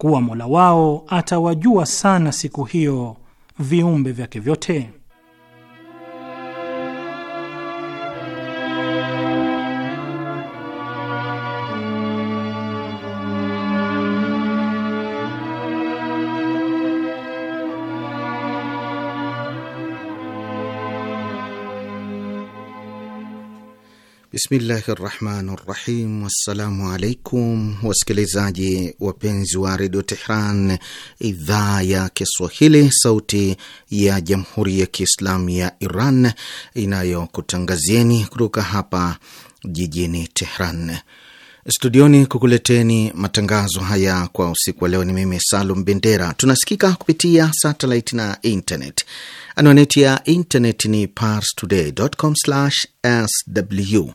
kuwa Mola wao atawajua sana siku hiyo viumbe vyake vyote. Bismillahi rahmani rahim. Wassalamu alaikum wasikilizaji wapenzi wa redio Tehran, idhaa ya Kiswahili, sauti ya jamhuri ya Kiislamu ya Iran inayokutangazieni kutoka hapa jijini Tehran studioni kukuleteni matangazo haya kwa usiku wa leo. Ni mimi Salum Bendera. Tunasikika kupitia satellite na internet. Anwani ya internet ni parstoday.com/sw.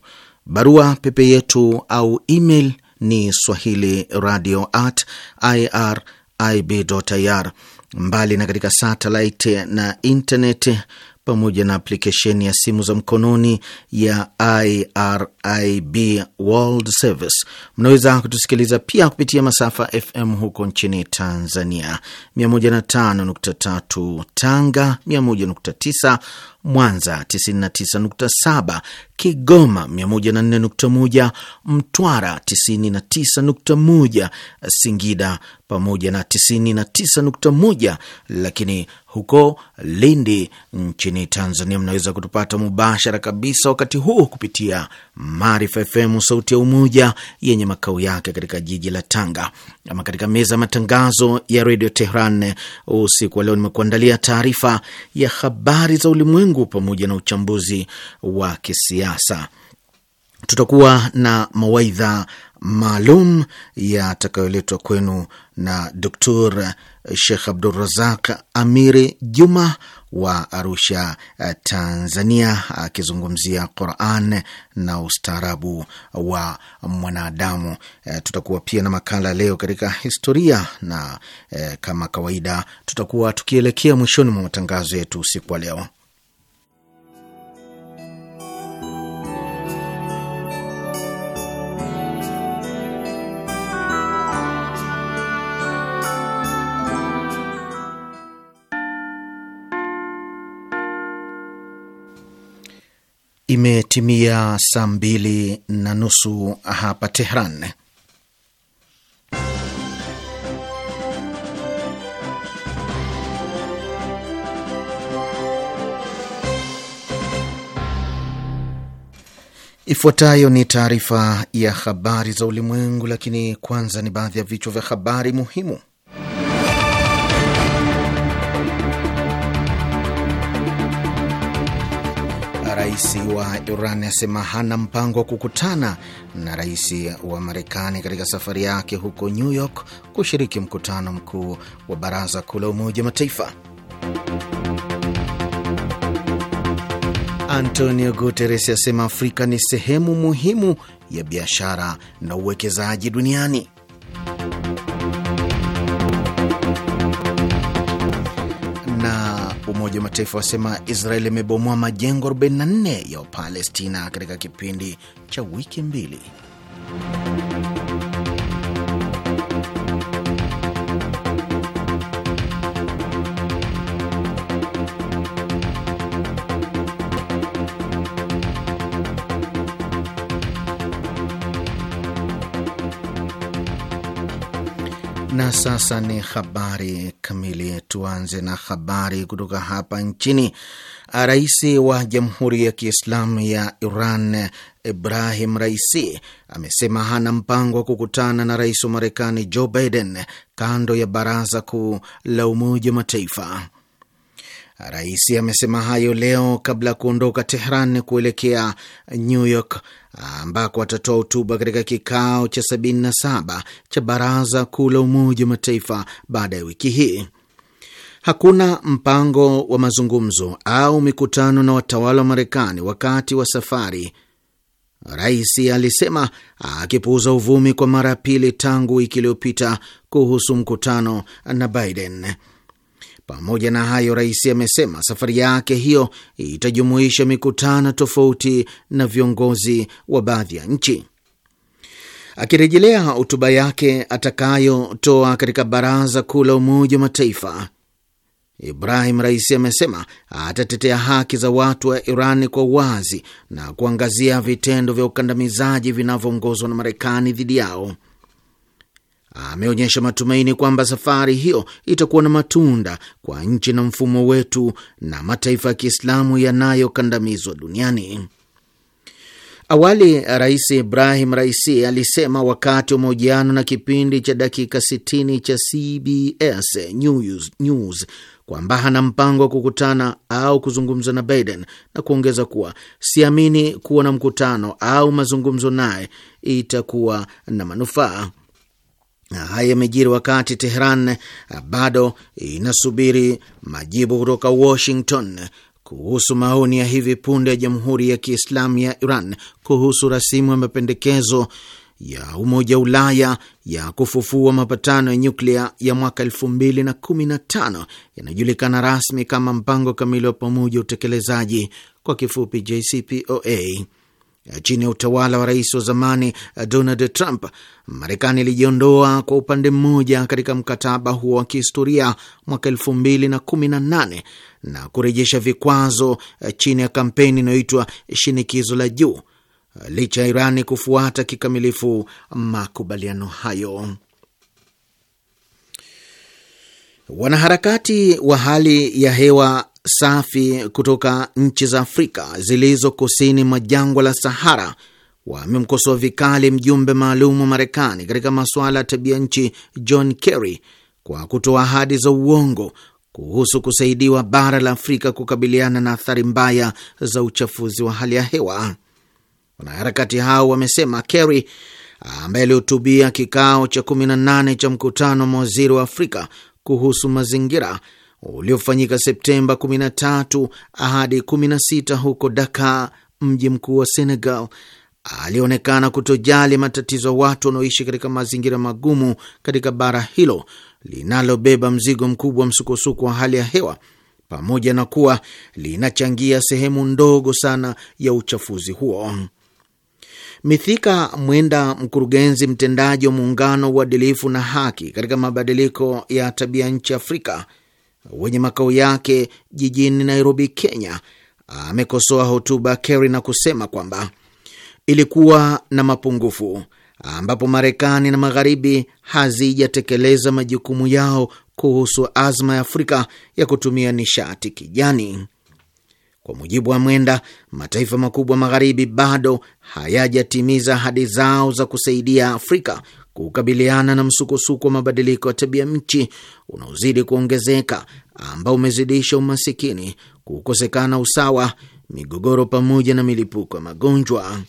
Barua pepe yetu au email ni swahili radio at irib.ir. Mbali na katika satellite na internet pamoja na aplikesheni ya simu za mkononi ya IRIB World Service. Mnaweza kutusikiliza pia kupitia masafa FM huko nchini Tanzania, 105.3 Tanga, 101.9 Mwanza 99.7, Kigoma 104.1, Mtwara 99.1, Singida pamoja na 99.1. Lakini huko Lindi nchini Tanzania mnaweza kutupata mubashara kabisa wakati huu kupitia Maarifa FM sauti ya Umoja yenye makao yake katika jiji la Tanga. Ama katika meza ya matangazo ya redio Tehran usiku wa leo nimekuandalia taarifa ya habari za ulimwengu ulimwengu pamoja na uchambuzi wa kisiasa. Tutakuwa na mawaidha maalum yatakayoletwa kwenu na Dr Shekh Abdurazak Amiri Juma wa Arusha, Tanzania, akizungumzia Quran na ustaarabu wa mwanadamu. Tutakuwa pia na makala leo katika historia, na eh, kama kawaida tutakuwa tukielekea mwishoni mwa matangazo yetu usiku wa leo. Imetimia saa mbili na nusu hapa Tehran. Ifuatayo ni taarifa ya habari za ulimwengu, lakini kwanza ni baadhi ya vichwa vya habari muhimu. Rais wa Iran asema hana mpango wa kukutana na rais wa Marekani katika safari yake huko New York kushiriki mkutano mkuu wa Baraza Kuu la Umoja wa Mataifa. Antonio Guterres asema Afrika ni sehemu muhimu ya biashara na uwekezaji duniani. Umoja wa Mataifa wasema Israeli imebomoa majengo 44 ya Wapalestina katika kipindi cha wiki mbili. sasa ni habari kamili. Tuanze na habari kutoka hapa nchini. Rais wa Jamhuri ya Kiislamu ya Iran Ibrahim Raisi amesema hana mpango wa kukutana na rais wa Marekani Joe Biden kando ya Baraza Kuu la Umoja wa Mataifa. Raisi amesema hayo leo kabla ya kuondoka Tehran kuelekea New York ambako atatoa hotuba katika kikao cha 77 cha Baraza Kuu la Umoja wa Mataifa baada ya wiki hii. Hakuna mpango wa mazungumzo au mikutano na watawala wa Marekani wakati wa safari, rais alisema, akipuuza uvumi kwa mara ya pili tangu wiki iliyopita kuhusu mkutano na Biden. Pamoja na hayo, rais amesema safari yake hiyo itajumuisha mikutano tofauti na viongozi wa baadhi ya nchi. Akirejelea hotuba yake atakayotoa katika Baraza Kuu la Umoja wa Mataifa, Ibrahim Raisi amesema atatetea haki za watu wa Iran kwa uwazi na kuangazia vitendo vya ukandamizaji vinavyoongozwa na Marekani dhidi yao ameonyesha matumaini kwamba safari hiyo itakuwa na matunda kwa nchi na mfumo wetu na mataifa ya Kiislamu yanayokandamizwa duniani. Awali Rais Ibrahim Raisi alisema wakati wa mahojiano na kipindi cha dakika 60 cha CBS News, News kwamba hana mpango wa kukutana au kuzungumza na Biden na kuongeza kuwa siamini kuwa na mkutano au mazungumzo naye itakuwa na manufaa. Na haya yamejiri wakati Tehran bado inasubiri majibu kutoka Washington kuhusu maoni ya hivi punde ya Jamhuri ya Kiislamu ya Iran kuhusu rasimu ya mapendekezo ya Umoja wa Ulaya ya kufufua mapatano ya nyuklia ya mwaka elfu mbili na kumi na tano yanayojulikana rasmi kama mpango kamili wa pamoja utekelezaji, kwa kifupi JCPOA chini ya utawala wa rais wa zamani eh, Donald Trump, Marekani ilijiondoa kwa upande mmoja katika mkataba huo wa kihistoria mwaka elfu mbili na kumi na nane na kurejesha vikwazo eh, chini ya kampeni inayoitwa shinikizo la juu, eh, licha ya Irani kufuata kikamilifu makubaliano hayo. Wanaharakati wa hali ya hewa safi kutoka nchi za Afrika zilizo kusini mwa jangwa la Sahara wamemkosoa vikali mjumbe maalum wa Marekani katika masuala ya tabia nchi John Kerry kwa kutoa ahadi za uongo kuhusu kusaidiwa bara la Afrika kukabiliana na athari mbaya za uchafuzi wa hali ya hewa. Wanaharakati hao wamesema Kerry ambaye alihutubia kikao cha 18 cha mkutano wa mawaziri wa Afrika kuhusu mazingira uliofanyika Septemba 13 hadi 16 huko Dakar, mji mkuu wa Senegal, alionekana kutojali matatizo ya watu wanaoishi katika mazingira magumu katika bara hilo linalobeba mzigo mkubwa wa msukosuko wa hali ya hewa, pamoja na kuwa linachangia sehemu ndogo sana ya uchafuzi huo. Mithika Mwenda, mkurugenzi mtendaji wa muungano wa uadilifu na haki katika mabadiliko ya tabia nchi Afrika, wenye makao yake jijini Nairobi, Kenya, amekosoa hotuba ya Kerry na kusema kwamba ilikuwa na mapungufu ambapo Marekani na Magharibi hazijatekeleza majukumu yao kuhusu azma ya Afrika ya kutumia nishati kijani. Kwa mujibu wa Mwenda, mataifa makubwa Magharibi bado hayajatimiza ahadi zao za kusaidia Afrika kukabiliana na msukosuko wa mabadiliko ya tabia nchi unaozidi kuongezeka ambao umezidisha umasikini, kukosekana usawa, migogoro pamoja na milipuko ya magonjwa.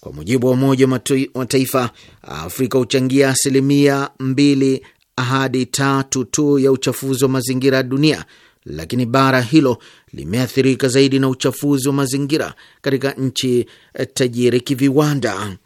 Kwa mujibu wa Umoja wa Taifa, Afrika huchangia asilimia mbili hadi tatu tu ya uchafuzi wa mazingira ya dunia, lakini bara hilo limeathirika zaidi na uchafuzi wa mazingira katika nchi tajiri kiviwanda.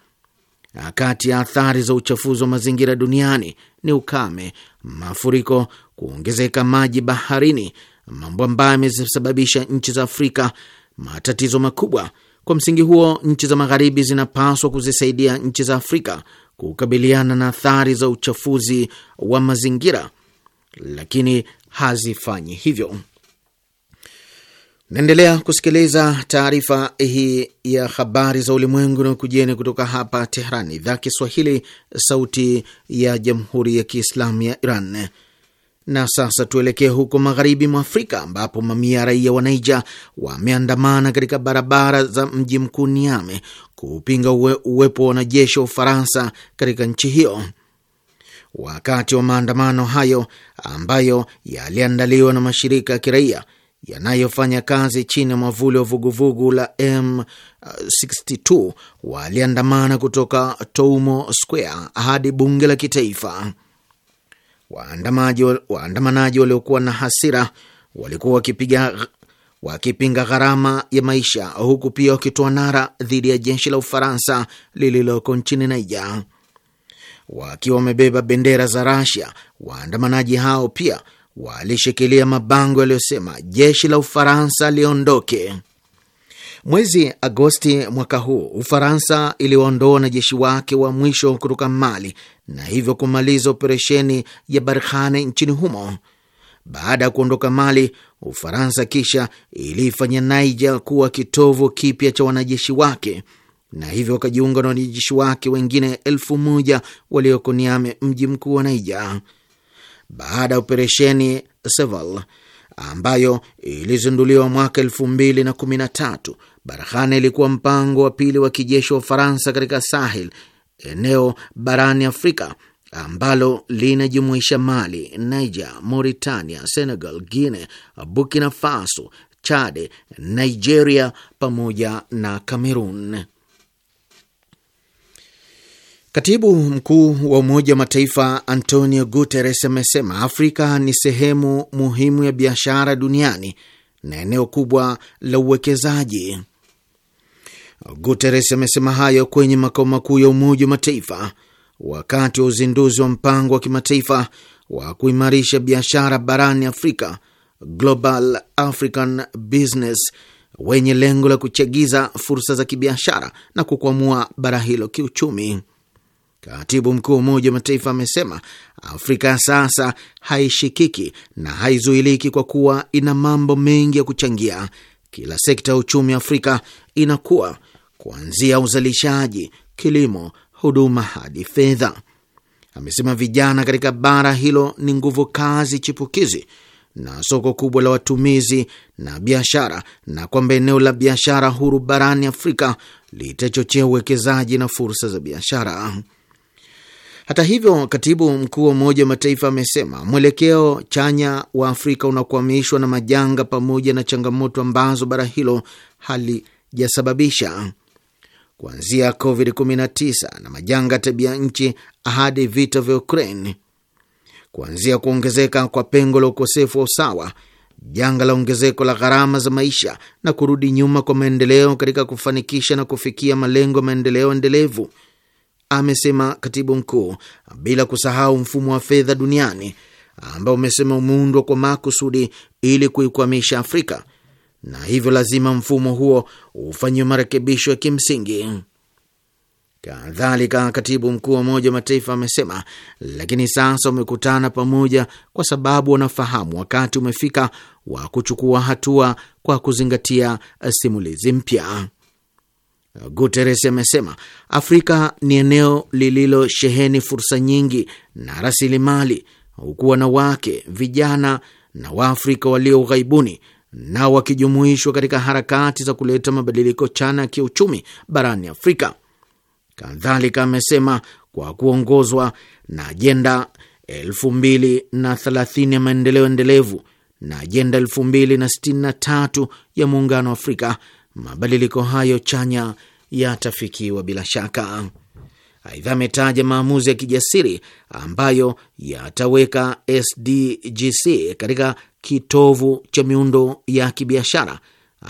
Kati ya athari za uchafuzi wa mazingira duniani ni ukame, mafuriko, kuongezeka maji baharini, mambo ambayo yamesababisha nchi za Afrika matatizo makubwa. Kwa msingi huo, nchi za Magharibi zinapaswa kuzisaidia nchi za Afrika kukabiliana na athari za uchafuzi wa mazingira, lakini hazifanyi hivyo. Naendelea kusikiliza taarifa hii ya habari za ulimwengu na kujeni kutoka hapa Tehran, idhaa Kiswahili, sauti ya jamhuri ya kiislamu ya Iran. Na sasa tuelekee huko magharibi mwa Afrika, ambapo mamia ya raia wa Naija wameandamana katika barabara za mji mkuu Niame kupinga uwe, uwepo wa wanajeshi wa Ufaransa katika nchi hiyo. Wakati wa maandamano hayo ambayo yaliandaliwa na mashirika ya kiraia yanayofanya kazi chini ya mwavuli wa vuguvugu la M62 waliandamana kutoka Toumo Square hadi bunge la kitaifa. Waandamanaji waliokuwa na hasira walikuwa wakipiga wakipinga gharama ya maisha, huku pia wakitoa nara dhidi ya jeshi la Ufaransa lililoko nchini Naija. Wakiwa wamebeba bendera za Rasia, waandamanaji hao pia walishikilia mabango yaliyosema jeshi la Ufaransa liondoke. Mwezi Agosti mwaka huu Ufaransa iliwaondoa wanajeshi wake wa mwisho kutoka Mali na hivyo kumaliza operesheni ya Barkhane nchini humo. Baada ya kuondoka Mali, Ufaransa kisha iliifanya Naija kuwa kitovu kipya cha wanajeshi wake na hivyo wakajiunga na wanajeshi wake wengine elfu moja walioko Niame, mji mkuu wa Naija baada ya operesheni Seval ambayo ilizinduliwa mwaka elfu mbili na kumi na tatu. ilikuwa mpango wa pili wa kijeshi wa Ufaransa katika Sahel, eneo barani Afrika ambalo linajumuisha Mali, Niger, Mauritania, Senegal, Guinea, Burkina Faso, Chade, Nigeria pamoja na Cameroon. Katibu mkuu wa Umoja wa Mataifa Antonio Guterres amesema Afrika ni sehemu muhimu ya biashara duniani na eneo kubwa la uwekezaji. Guterres amesema hayo kwenye makao makuu ya Umoja wa Mataifa wakati wa uzinduzi wa mpango wa kimataifa wa kuimarisha biashara barani Afrika, Global African Business, wenye lengo la kuchagiza fursa za kibiashara na kukwamua bara hilo kiuchumi. Katibu mkuu wa Umoja wa Mataifa amesema Afrika ya sasa haishikiki na haizuiliki kwa kuwa ina mambo mengi ya kuchangia. Kila sekta ya uchumi wa Afrika inakuwa kuanzia uzalishaji, kilimo, huduma hadi fedha. Amesema vijana katika bara hilo ni nguvu kazi chipukizi na soko kubwa la watumizi na biashara, na kwamba eneo la biashara huru barani Afrika litachochea uwekezaji na fursa za biashara. Hata hivyo, katibu mkuu wa Umoja wa Mataifa amesema mwelekeo chanya wa Afrika unakwamishwa na majanga pamoja na changamoto ambazo bara hilo halijasababisha kuanzia COVID-19 na majanga ya tabia nchi hadi vita vya Ukraine, kuanzia kuongezeka kwa pengo la ukosefu wa usawa, janga la ongezeko la gharama za maisha na kurudi nyuma kwa maendeleo katika kufanikisha na kufikia malengo ya maendeleo endelevu amesema katibu mkuu, bila kusahau mfumo wa fedha duniani ambao umesema umeundwa kwa makusudi ili kuikwamisha Afrika na hivyo lazima mfumo huo ufanyiwe marekebisho ya kimsingi. Kadhalika, katibu mkuu wa Umoja wa Mataifa amesema, lakini sasa wamekutana pamoja kwa sababu wanafahamu wakati umefika wa kuchukua hatua kwa kuzingatia simulizi mpya. Guterres amesema Afrika ni eneo lililosheheni fursa nyingi na rasilimali, huku wanawake, vijana na Waafrika walio ughaibuni nao wakijumuishwa katika harakati za kuleta mabadiliko chana ya kiuchumi barani Afrika. Kadhalika amesema kwa kuongozwa na ajenda 2030 ya maendeleo endelevu na ajenda 2063 ya muungano wa Afrika mabadiliko hayo chanya yatafikiwa bila shaka. Aidha, ametaja maamuzi ya kijasiri ambayo yataweka SDGC katika kitovu cha miundo ya kibiashara,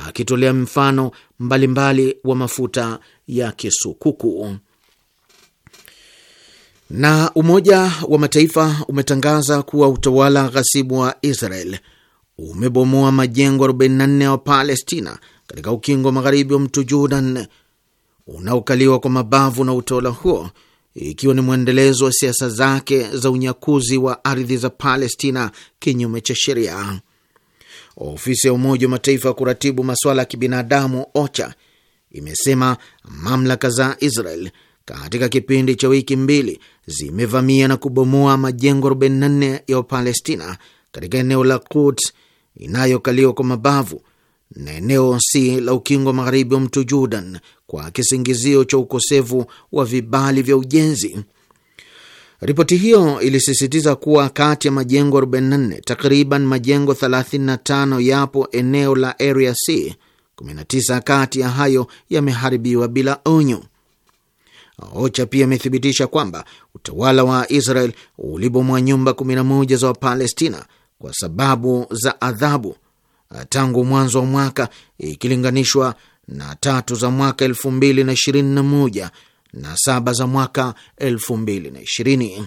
akitolea mfano mbalimbali wa mafuta ya kisukuku. Na Umoja wa Mataifa umetangaza kuwa utawala ghasibu wa Israel umebomoa majengo 44 ya Wapalestina katika ukingo wa magharibi wa mto Jordan unaokaliwa kwa mabavu na utawala huo, ikiwa ni mwendelezo wa siasa zake za unyakuzi wa ardhi za Palestina kinyume cha sheria. Ofisi ya Umoja wa Mataifa ya kuratibu masuala ya kibinadamu OCHA imesema mamlaka za Israel katika kipindi cha wiki mbili zimevamia na kubomoa majengo 44 ya Wapalestina katika eneo la Quds inayokaliwa kwa mabavu na eneo C la ukingo magharibi wa mto Jordan kwa kisingizio cha ukosefu wa vibali vya ujenzi. Ripoti hiyo ilisisitiza kuwa kati ya majengo 44 takriban majengo 35 yapo eneo la Area C. 19 kati ya hayo yameharibiwa bila onyo. OCHA pia imethibitisha kwamba utawala wa Israel ulibomwa nyumba 11 za Wapalestina kwa sababu za adhabu Eh, tangu mwanzo wa mwaka eh, ikilinganishwa na tatu za mwaka elfu mbili na ishirini na moja na saba za mwaka elfu mbili na ishirini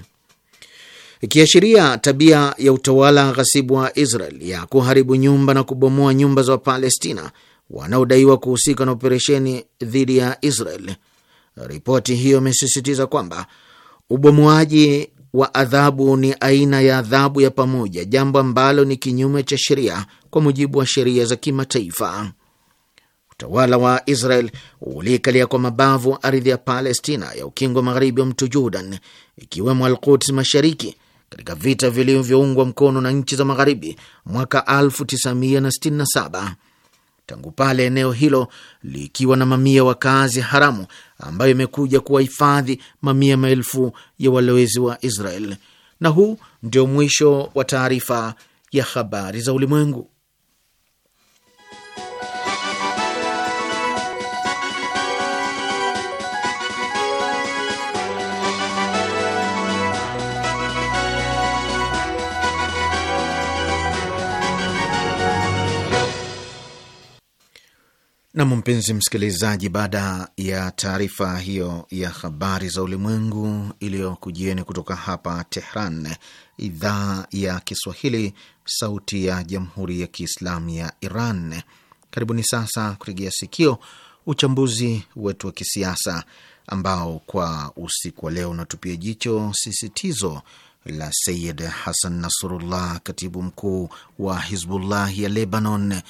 ikiashiria tabia ya utawala ghasibu wa Israel ya kuharibu nyumba na kubomoa nyumba za Wapalestina wanaodaiwa kuhusika na operesheni dhidi ya Israel. Ripoti hiyo imesisitiza kwamba ubomoaji wa adhabu ni aina ya adhabu ya pamoja, jambo ambalo ni kinyume cha sheria kwa mujibu wa sheria za kimataifa. Utawala wa Israel uliikalia kwa mabavu ardhi ya Palestina ya ukingo magharibi wa mto Jordan, ikiwemo al mashariki katika vita vilivyoungwa mkono na nchi za magharibi mwaka 1967. Tangu pale eneo hilo likiwa na mamia wakazi haramu ambayo imekuja kuwahifadhi mamia maelfu ya walowezi wa Israel. Na huu ndio mwisho wa taarifa ya habari za ulimwengu. Nam, mpenzi msikilizaji, baada ya taarifa hiyo ya habari za ulimwengu iliyokujieni kutoka hapa Tehran, idhaa ya Kiswahili, sauti ya jamhuri ya kiislamu ya Iran, karibuni sasa kuregea sikio uchambuzi wetu wa kisiasa ambao kwa usiku wa leo unatupia jicho sisitizo la Sayid Hasan Nasrullah, katibu mkuu wa Hizbullah ya Lebanon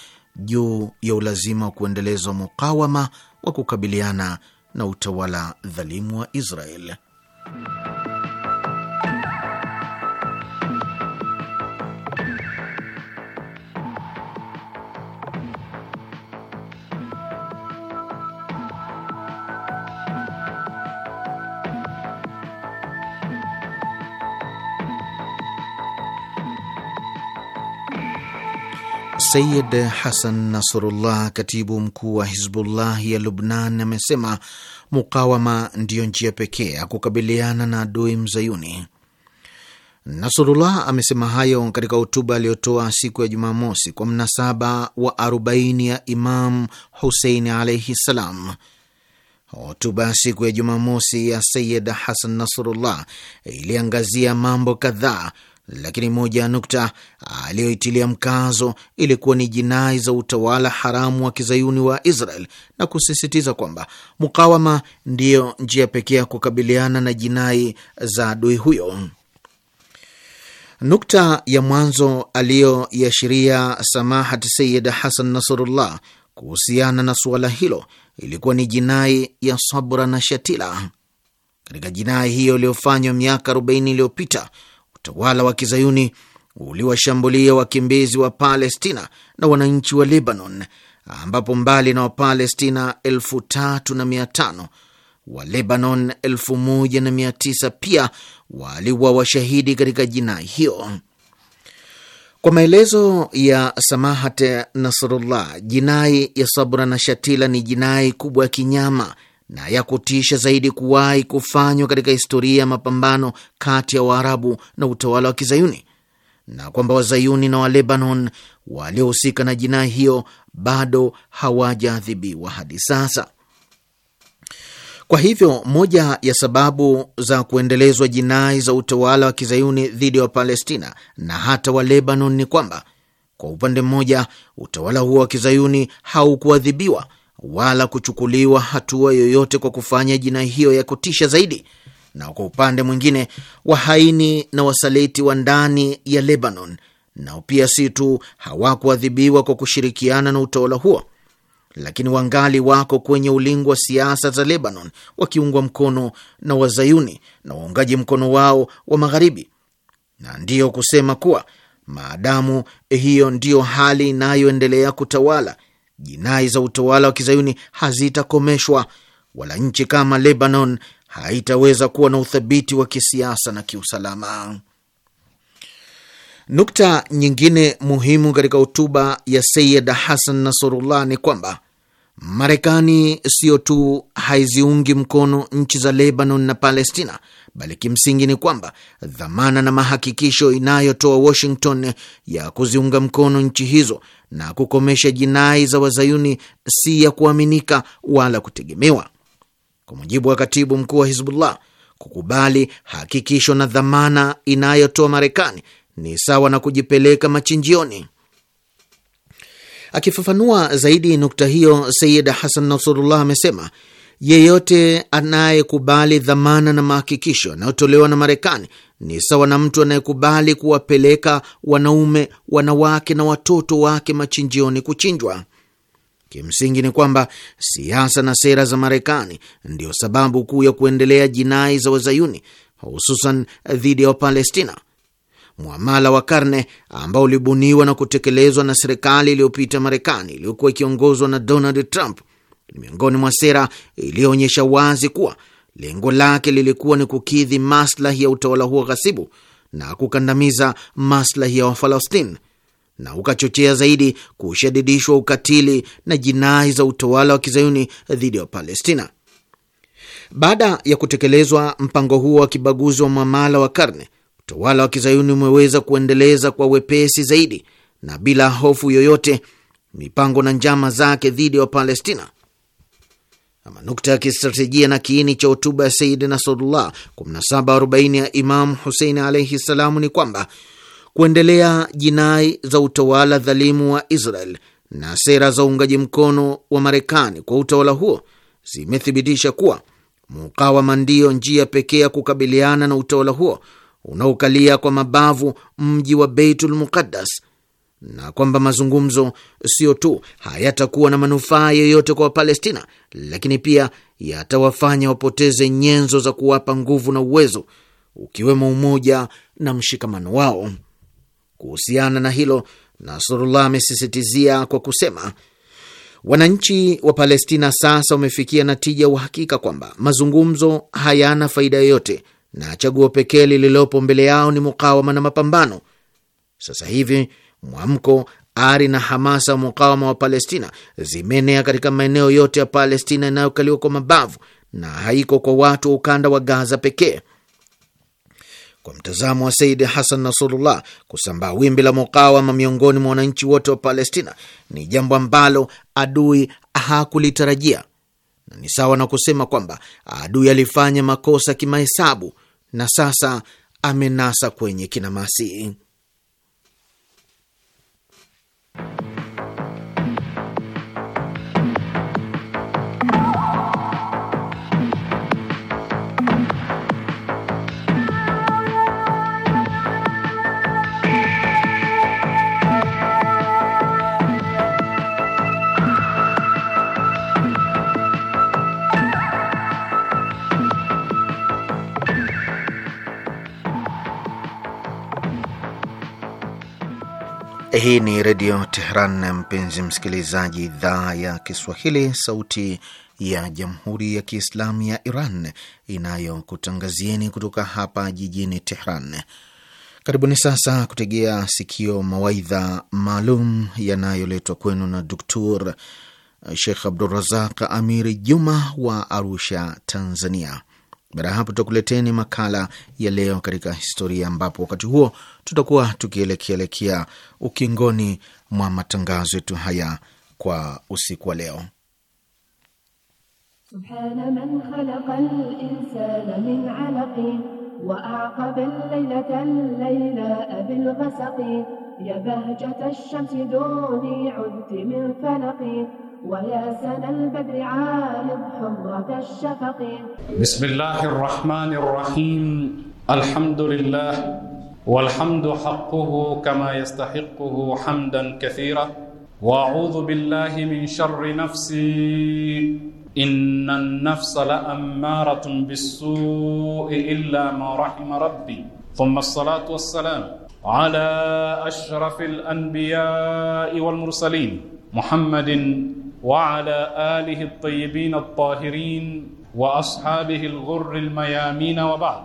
juu ya ulazima wa kuendelezwa mukawama wa kukabiliana na utawala dhalimu wa Israel. Sayid Hasan Nasrullah, katibu mkuu wa Hizbullah ya Lubnan, amesema mukawama ndiyo njia pekee ya kukabiliana na adui mzayuni. Nasrullah amesema hayo katika hotuba aliyotoa siku ya Jumamosi kwa mnasaba wa arobaini ya Imam Husein alaihi ssalam. Hotuba ya siku ya Jumamosi ya Sayid Hasan Nasrullah iliangazia mambo kadhaa lakini moja ya nukta aliyoitilia mkazo ilikuwa ni jinai za utawala haramu wa kizayuni wa Israel na kusisitiza kwamba mukawama ndiyo njia pekee ya kukabiliana na jinai za adui huyo. Nukta ya mwanzo aliyoiashiria Samahat Sayid Hasan Nasrullah kuhusiana na suala hilo ilikuwa ni jinai ya Sabra na Shatila. Katika jinai hiyo iliyofanywa miaka 40 iliyopita utawala wa kizayuni uliwashambulia wakimbizi wa Palestina na wananchi wa Lebanon, ambapo mbali na Wapalestina elfu tatu na mia tano wa Lebanon elfu moja na mia tisa pia waliwa washahidi katika jinai hiyo. Kwa maelezo ya Samahat Nasrullah, jinai ya Sabra na Shatila ni jinai kubwa ya kinyama na ya kutisha zaidi kuwahi kufanywa katika historia ya mapambano kati ya Waarabu na utawala wa Kizayuni, na kwamba Wazayuni na Walebanon waliohusika na jinai hiyo bado hawajaadhibiwa hadi sasa. Kwa hivyo moja ya sababu za kuendelezwa jinai za utawala wa Kizayuni dhidi ya Wapalestina na hata wa Lebanon ni kwamba kwa upande mmoja utawala huo wa Kizayuni haukuadhibiwa wala kuchukuliwa hatua yoyote kwa kufanya jinai hiyo ya kutisha zaidi. Na kwa upande mwingine, wahaini na wasaliti wa ndani ya Lebanon nao pia si tu hawakuadhibiwa kwa kushirikiana na utawala huo, lakini wangali wako kwenye ulingo wa siasa za Lebanon, wakiungwa mkono na wazayuni na waungaji mkono wao wa magharibi, na ndiyo kusema kuwa maadamu hiyo ndiyo hali inayoendelea kutawala jinai za utawala wa kizayuni hazitakomeshwa wala nchi kama Lebanon haitaweza kuwa na uthabiti wa kisiasa na kiusalama. Nukta nyingine muhimu katika hotuba ya Sayid Hasan Nasrullah ni kwamba Marekani siyo tu haiziungi mkono nchi za Lebanon na Palestina, bali kimsingi ni kwamba dhamana na mahakikisho inayotoa Washington ya kuziunga mkono nchi hizo na kukomesha jinai za wazayuni si ya kuaminika wala kutegemewa. Kwa mujibu wa katibu mkuu wa Hizbullah, kukubali hakikisho na dhamana inayotoa Marekani ni sawa na kujipeleka machinjioni. Akifafanua zaidi nukta hiyo, Sayid Hasan Nasurullah amesema yeyote anayekubali dhamana na mahakikisho yanayotolewa na Marekani ni sawa na mtu anayekubali kuwapeleka wanaume, wanawake na watoto wake machinjioni kuchinjwa. Kimsingi ni kwamba siasa na sera za Marekani ndiyo sababu kuu ya kuendelea jinai za Wazayuni, hususan dhidi ya Wapalestina mwamala wa karne ambao ulibuniwa na kutekelezwa na serikali iliyopita Marekani iliyokuwa ikiongozwa na Donald Trump ni miongoni mwa sera iliyoonyesha wazi kuwa lengo lake lilikuwa ni kukidhi maslahi ya utawala huo ghasibu na kukandamiza maslahi ya Wafalastini na ukachochea zaidi kushadidishwa ukatili na jinai za utawala wa kizayuni dhidi ya Palestina. Baada ya kutekelezwa mpango huo wa kibaguzi wa mwamala wa karne, utawala wa kizayuni umeweza kuendeleza kwa wepesi zaidi na bila hofu yoyote mipango na njama zake dhidi ya Wapalestina. Ama nukta ya kistratejia na kiini cha hotuba ya Sayyid Nasrullah 1740 ya Imamu Husein alaihi ssalamu ni kwamba kuendelea jinai za utawala dhalimu wa Israel na sera za uungaji mkono wa Marekani kwa utawala huo zimethibitisha kuwa mukawama ndiyo njia pekee ya kukabiliana na utawala huo unaokalia kwa mabavu mji wa Beitul Muqaddas na kwamba mazungumzo sio tu hayatakuwa na manufaa yoyote kwa Wapalestina, lakini pia yatawafanya wapoteze nyenzo za kuwapa nguvu na uwezo, ukiwemo umoja na mshikamano wao. Kuhusiana na hilo, Nasrullah amesisitizia kwa kusema wananchi wa Palestina sasa wamefikia natija uhakika kwamba mazungumzo hayana faida yoyote na chaguo pekee lililopo mbele yao ni mukawama na mapambano. Sasa hivi mwamko, ari na hamasa mukawama wa Palestina zimeenea katika maeneo yote ya Palestina inayokaliwa kwa mabavu na haiko kwa watu wa ukanda wa Gaza pekee. Kwa mtazamo wa Saidi Hasan Nasrullah, kusambaa wimbi la mukawama miongoni mwa wananchi wote wa Palestina ni jambo ambalo adui hakulitarajia na ni sawa na kusema kwamba adui alifanya makosa kimahesabu na sasa amenasa kwenye kinamasi. Hii ni Redio Tehran, mpenzi msikilizaji, idhaa ya Kiswahili, sauti ya Jamhuri ya Kiislamu ya Iran inayokutangazieni kutoka hapa jijini Tehran. Karibuni sasa kutegea sikio mawaidha maalum yanayoletwa kwenu na Duktur Sheikh Abdurazaq Amiri Juma wa Arusha, Tanzania. Baada ya hapo, tutakuleteni makala ya leo katika historia, ambapo wakati huo tutakuwa tukielekeelekea ukingoni mwa matangazo yetu haya kwa usiku wa leo. Subhana man ويا سنى البدر عالم حمرة الشفق بسم الله الرحمن الرحيم الحمد لله والحمد حقه كما يستحقه حمدا كثيرا واعوذ بالله من شر نفسي ان النفس لاماره بالسوء الا ما رحم ربي ثم الصلاه والسلام على اشرف الانبياء والمرسلين محمد وعلى آله الطيبين الطاهرين واashabihi lghurri lmayamina wa ba'd.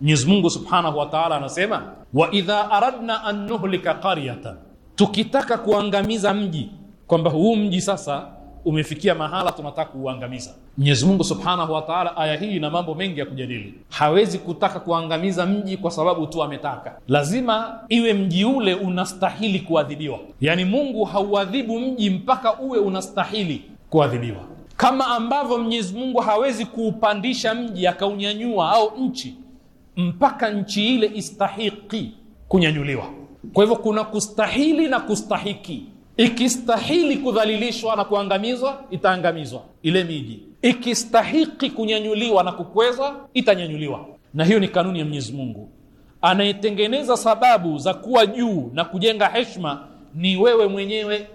Mwenyezi Mungu subhanahu wa anasema wa idha aradna an nuhlika qaryatan, tukitaka kuangamiza mji, kwamba huu mji sasa umefikia mahala tunataka kuuangamiza. Mwenyezi Mungu Subhanahu wa Ta'ala, aya hii ina mambo mengi ya kujadili. Hawezi kutaka kuangamiza mji kwa sababu tu ametaka, lazima iwe mji ule unastahili kuadhibiwa. Yaani Mungu hauadhibu mji mpaka uwe unastahili kuadhibiwa, kama ambavyo Mwenyezi Mungu hawezi kuupandisha mji akaunyanyua au nchi mpaka nchi ile istahiki kunyanyuliwa. Kwa hivyo kuna kustahili na kustahiki ikistahili kudhalilishwa na kuangamizwa itaangamizwa ile miji, ikistahiki kunyanyuliwa na kukweza itanyanyuliwa. Na hiyo ni kanuni ya Mwenyezi Mungu. Anayetengeneza sababu za kuwa juu na kujenga heshima ni wewe mwenyewe.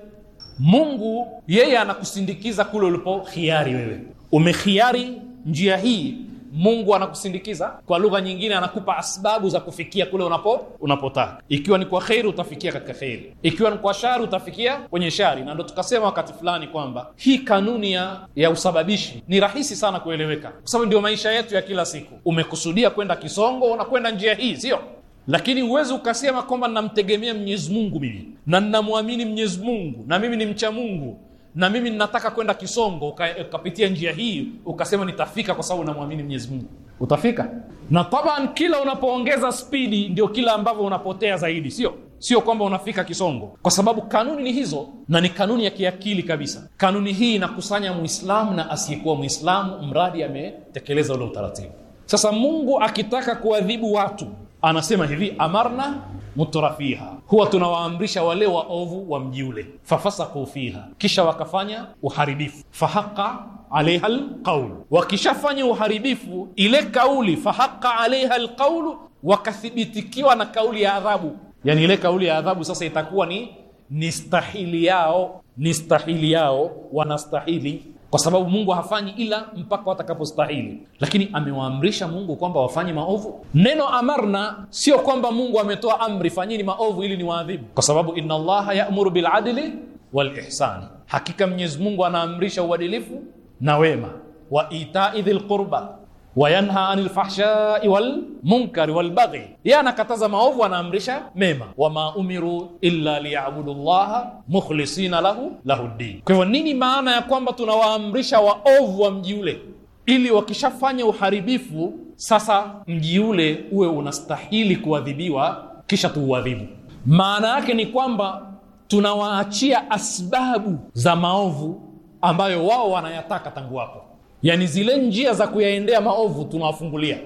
Mungu yeye anakusindikiza kule ulipo hiari wewe umehiari njia hii mungu anakusindikiza kwa lugha nyingine anakupa asbabu za kufikia kule unapo unapotaka ikiwa ni kwa kheri utafikia katika kheri ikiwa ni kwa shari utafikia kwenye shari na ndo tukasema wakati fulani kwamba hii kanuni ya, ya usababishi ni rahisi sana kueleweka kwa sababu ndio maisha yetu ya kila siku umekusudia kwenda kisongo unakwenda njia hii sio lakini huwezi ukasema kwamba namtegemea mwenyezi mungu mimi na nnamwamini mwenyezi mungu na mimi ni mcha mungu na mimi ninataka kwenda Kisongo, ukapitia njia hii, ukasema nitafika kwa sababu namwamini Mwenyezi Mungu, utafika. Na taban, kila unapoongeza spidi ndio kila ambavyo unapotea zaidi, sio sio kwamba unafika Kisongo, kwa sababu kanuni ni hizo, na ni kanuni ya kiakili kabisa. Kanuni hii inakusanya Muislamu na asiyekuwa Muislamu, mradi ametekeleza ule utaratibu. Sasa Mungu akitaka kuadhibu watu anasema hivi amarna mutrafiha, huwa tunawaamrisha wale waovu wa mji ule. Fafasaku fiha, kisha wakafanya uharibifu. Fahaqa alaiha lqaulu, wakishafanya uharibifu ile kauli. Fahaqa alaiha lqaulu, wakathibitikiwa na kauli ya adhabu. Yani ile kauli ya adhabu sasa itakuwa ni nistahili yao, nistahili yao, wanastahili kwa sababu Mungu hafanyi ila mpaka watakapostahili, lakini amewaamrisha Mungu kwamba wafanye maovu. Neno amarna sio kwamba Mungu ametoa amri fanyeni maovu ili niwaadhibu, kwa sababu inna Allaha ya'muru biladili walihsani, hakika Mwenyezi Mungu anaamrisha uadilifu na wema, wa itai dhil qurba wayanha anil fahshai wal munkari wal baghi, yeye anakataza maovu, anaamrisha mema. Wama umiru illa liyabudu llaha mukhlisina lahu lahu ddin. Kwa hivyo nini maana ya kwamba tunawaamrisha waovu wa mji ule, ili wakishafanya uharibifu sasa mji ule uwe unastahili kuadhibiwa, kisha tuuadhibu. Maana yake ni kwamba tunawaachia asbabu za maovu ambayo wao wanayataka tangu wapo yani zile njia za kuyaendea maovu tunawafungulia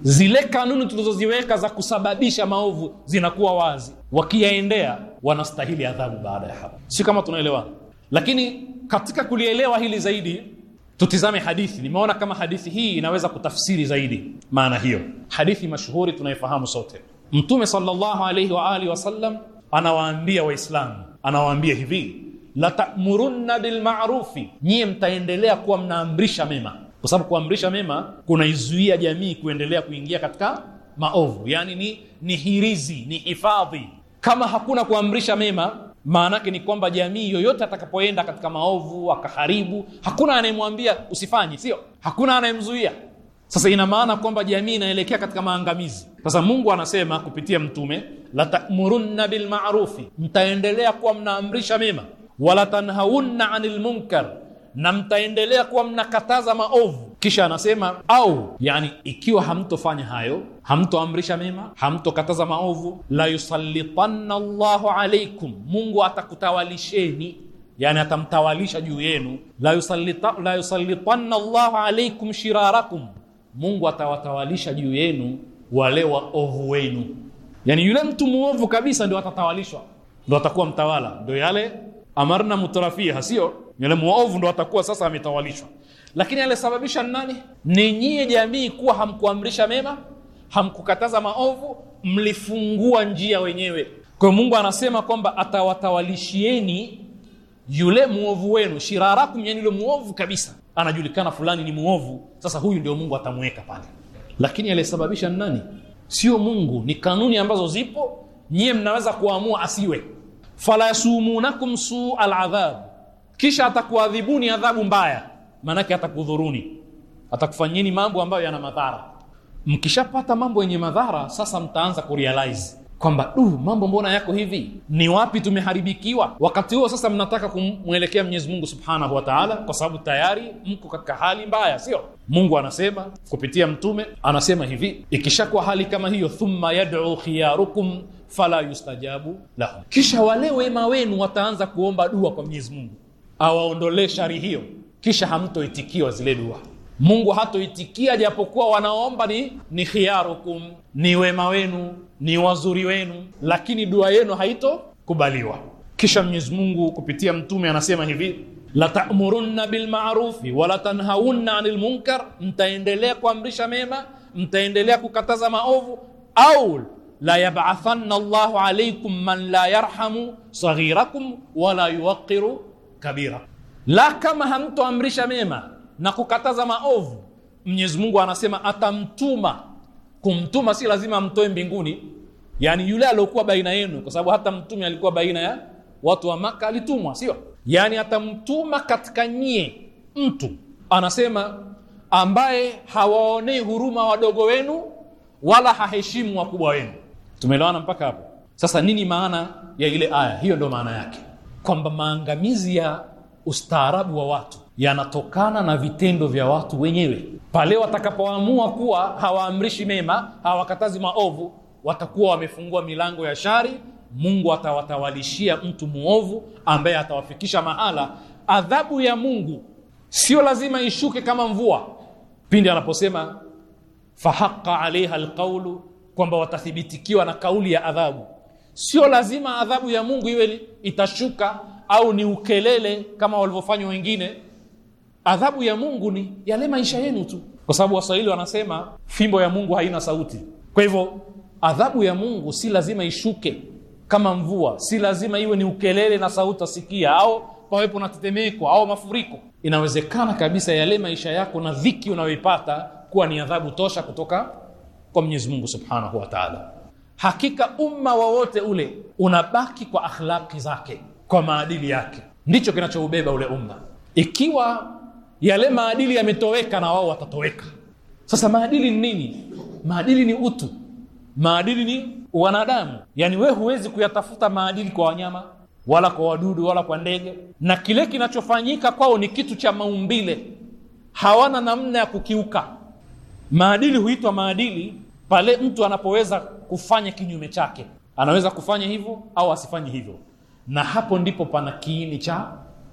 zile kanuni tulizoziweka za kusababisha maovu zinakuwa wazi, wakiyaendea wanastahili adhabu baada ya hapo. Si kama tunaelewa, Lakini katika kulielewa hili zaidi, tutizame hadithi. Nimeona kama hadithi hii inaweza kutafsiri zaidi maana hiyo. Hadithi mashuhuri tunaifahamu sote, Mtume sallallahu alaihi wa alihi wasallam anawaambia Waislamu, anawaambia hivi latamurunna bilmarufi, nyiye mtaendelea kuwa mnaamrisha mema, kwa sababu kuamrisha mema kunaizuia jamii kuendelea kuingia katika maovu. Yani ni, ni hirizi, ni hifadhi. Kama hakuna kuamrisha mema, maana yake ni kwamba jamii yoyote atakapoenda katika maovu akaharibu, hakuna anayemwambia usifanye, sio? Hakuna anayemzuia. Sasa ina maana kwamba jamii inaelekea katika maangamizi. Sasa Mungu anasema kupitia mtume, latamurunna bilmarufi, mtaendelea kuwa mnaamrisha mema wala tanhauna anil munkar, na mtaendelea kuwa mnakataza maovu. Kisha anasema au, yani ikiwa hamtofanya hayo, hamtoamrisha mema, hamtokataza maovu, la yusallitanna Allahu alaikum, Mungu atakutawalisheni Yani atamtawalisha juu yenu. la yusallita la yusallitanna Allahu alaikum shirarakum, Mungu atawatawalisha juu yenu wale waovu wenu. Yani yule mtu muovu kabisa ndio atatawalishwa, ndio atakuwa mtawala, ndio yale amarna mutrafiha, sio yule muovu ndo atakuwa sasa ametawalishwa. Lakini alisababisha nani? Ni nyie jamii, kuwa hamkuamrisha mema, hamkukataza maovu, mlifungua njia wenyewe. Kwa hiyo Mungu anasema kwamba atawatawalishieni yule muovu wenu, shirarakum, yani yule muovu kabisa, anajulikana fulani ni muovu. Sasa huyu ndio Mungu atamweka pale, lakini alisababisha nani? Sio Mungu, ni kanuni ambazo zipo, nyie mnaweza kuamua asiwe fala yasumunakum suu aladhab, kisha atakuadhibuni adhabu mbaya, maanake atakudhuruni, atakufanyeni mambo ambayo yana madhara. Mkishapata mambo yenye madhara, sasa mtaanza kurealize kwamba du, mambo mbona yako hivi? Ni wapi tumeharibikiwa? Wakati huo sasa mnataka kumwelekea Mwenyezi Mungu Subhanahu wa Ta'ala, kwa sababu tayari mko katika hali mbaya, sio? Mungu anasema kupitia mtume anasema hivi, ikishakuwa hali kama hiyo, thumma yad'u khiyarukum fala yustajabu lahum. Kisha wale wema wenu wataanza kuomba dua kwa Mwenyezi Mungu awaondolee shari hiyo, kisha hamtoitikiwa zile dua. Mungu hatoitikia japokuwa wanaomba ni, ni khiyarukum, ni wema wenu, ni wazuri wenu, lakini dua yenu haitokubaliwa. Kisha Mwenyezi Mungu kupitia mtume anasema hivi latamurunna bilmarufi walatanhaunna tanhaunna anil munkar, mtaendelea kuamrisha mema, mtaendelea kukataza maovu au la yab'athanna Allahu alaykum man la yarhamu saghirakum wala yuwaqqiru kabira. La, kama hamtoamrisha mema na kukataza maovu, Mwenyezi Mungu anasema atamtuma. Kumtuma si lazima amtoe mbinguni, yani yule aliokuwa baina yenu, kwa sababu hata mtume alikuwa baina ya watu wa Maka, alitumwa sio? Yani atamtuma katika nyie mtu, anasema ambaye hawaonei huruma wadogo wenu wala haheshimu wakubwa wenu Tumeelewana mpaka hapo? Sasa nini maana ya ile aya hiyo? Ndio maana yake kwamba maangamizi ya ustaarabu wa watu yanatokana na vitendo vya watu wenyewe. Pale watakapoamua kuwa hawaamrishi mema, hawakatazi maovu, watakuwa wamefungua milango ya shari. Mungu atawatawalishia mtu mwovu ambaye atawafikisha mahala. Adhabu ya Mungu sio lazima ishuke kama mvua, pindi anaposema fahaqa alaiha alqaulu kwamba watathibitikiwa na kauli ya adhabu. Sio lazima adhabu ya Mungu iwe itashuka au ni ukelele kama walivyofanywa wengine. Adhabu ya Mungu ni yale maisha yenu tu, kwa sababu Waswahili wanasema fimbo ya Mungu haina sauti. Kwa hivyo adhabu ya Mungu si lazima ishuke kama mvua, si lazima iwe ni ukelele na sauti asikia, au pawepo na tetemeko au mafuriko. Inawezekana kabisa yale maisha yako na dhiki unayoipata kuwa ni adhabu tosha kutoka kwa Mwenyezi Mungu Subhanahu wa Ta'ala. Hakika umma wowote ule unabaki kwa akhlaki zake, kwa maadili yake, ndicho kinachoubeba ule umma. Ikiwa yale maadili yametoweka, na wao watatoweka. Sasa maadili ni nini? Maadili ni utu, maadili ni wanadamu. Yaani we huwezi kuyatafuta maadili kwa wanyama wala kwa wadudu wala kwa ndege, na kile kinachofanyika kwao ni kitu cha maumbile, hawana namna ya kukiuka Maadili huitwa maadili pale mtu anapoweza kufanya kinyume chake. Anaweza kufanya hivyo au asifanye hivyo, na hapo ndipo pana kiini cha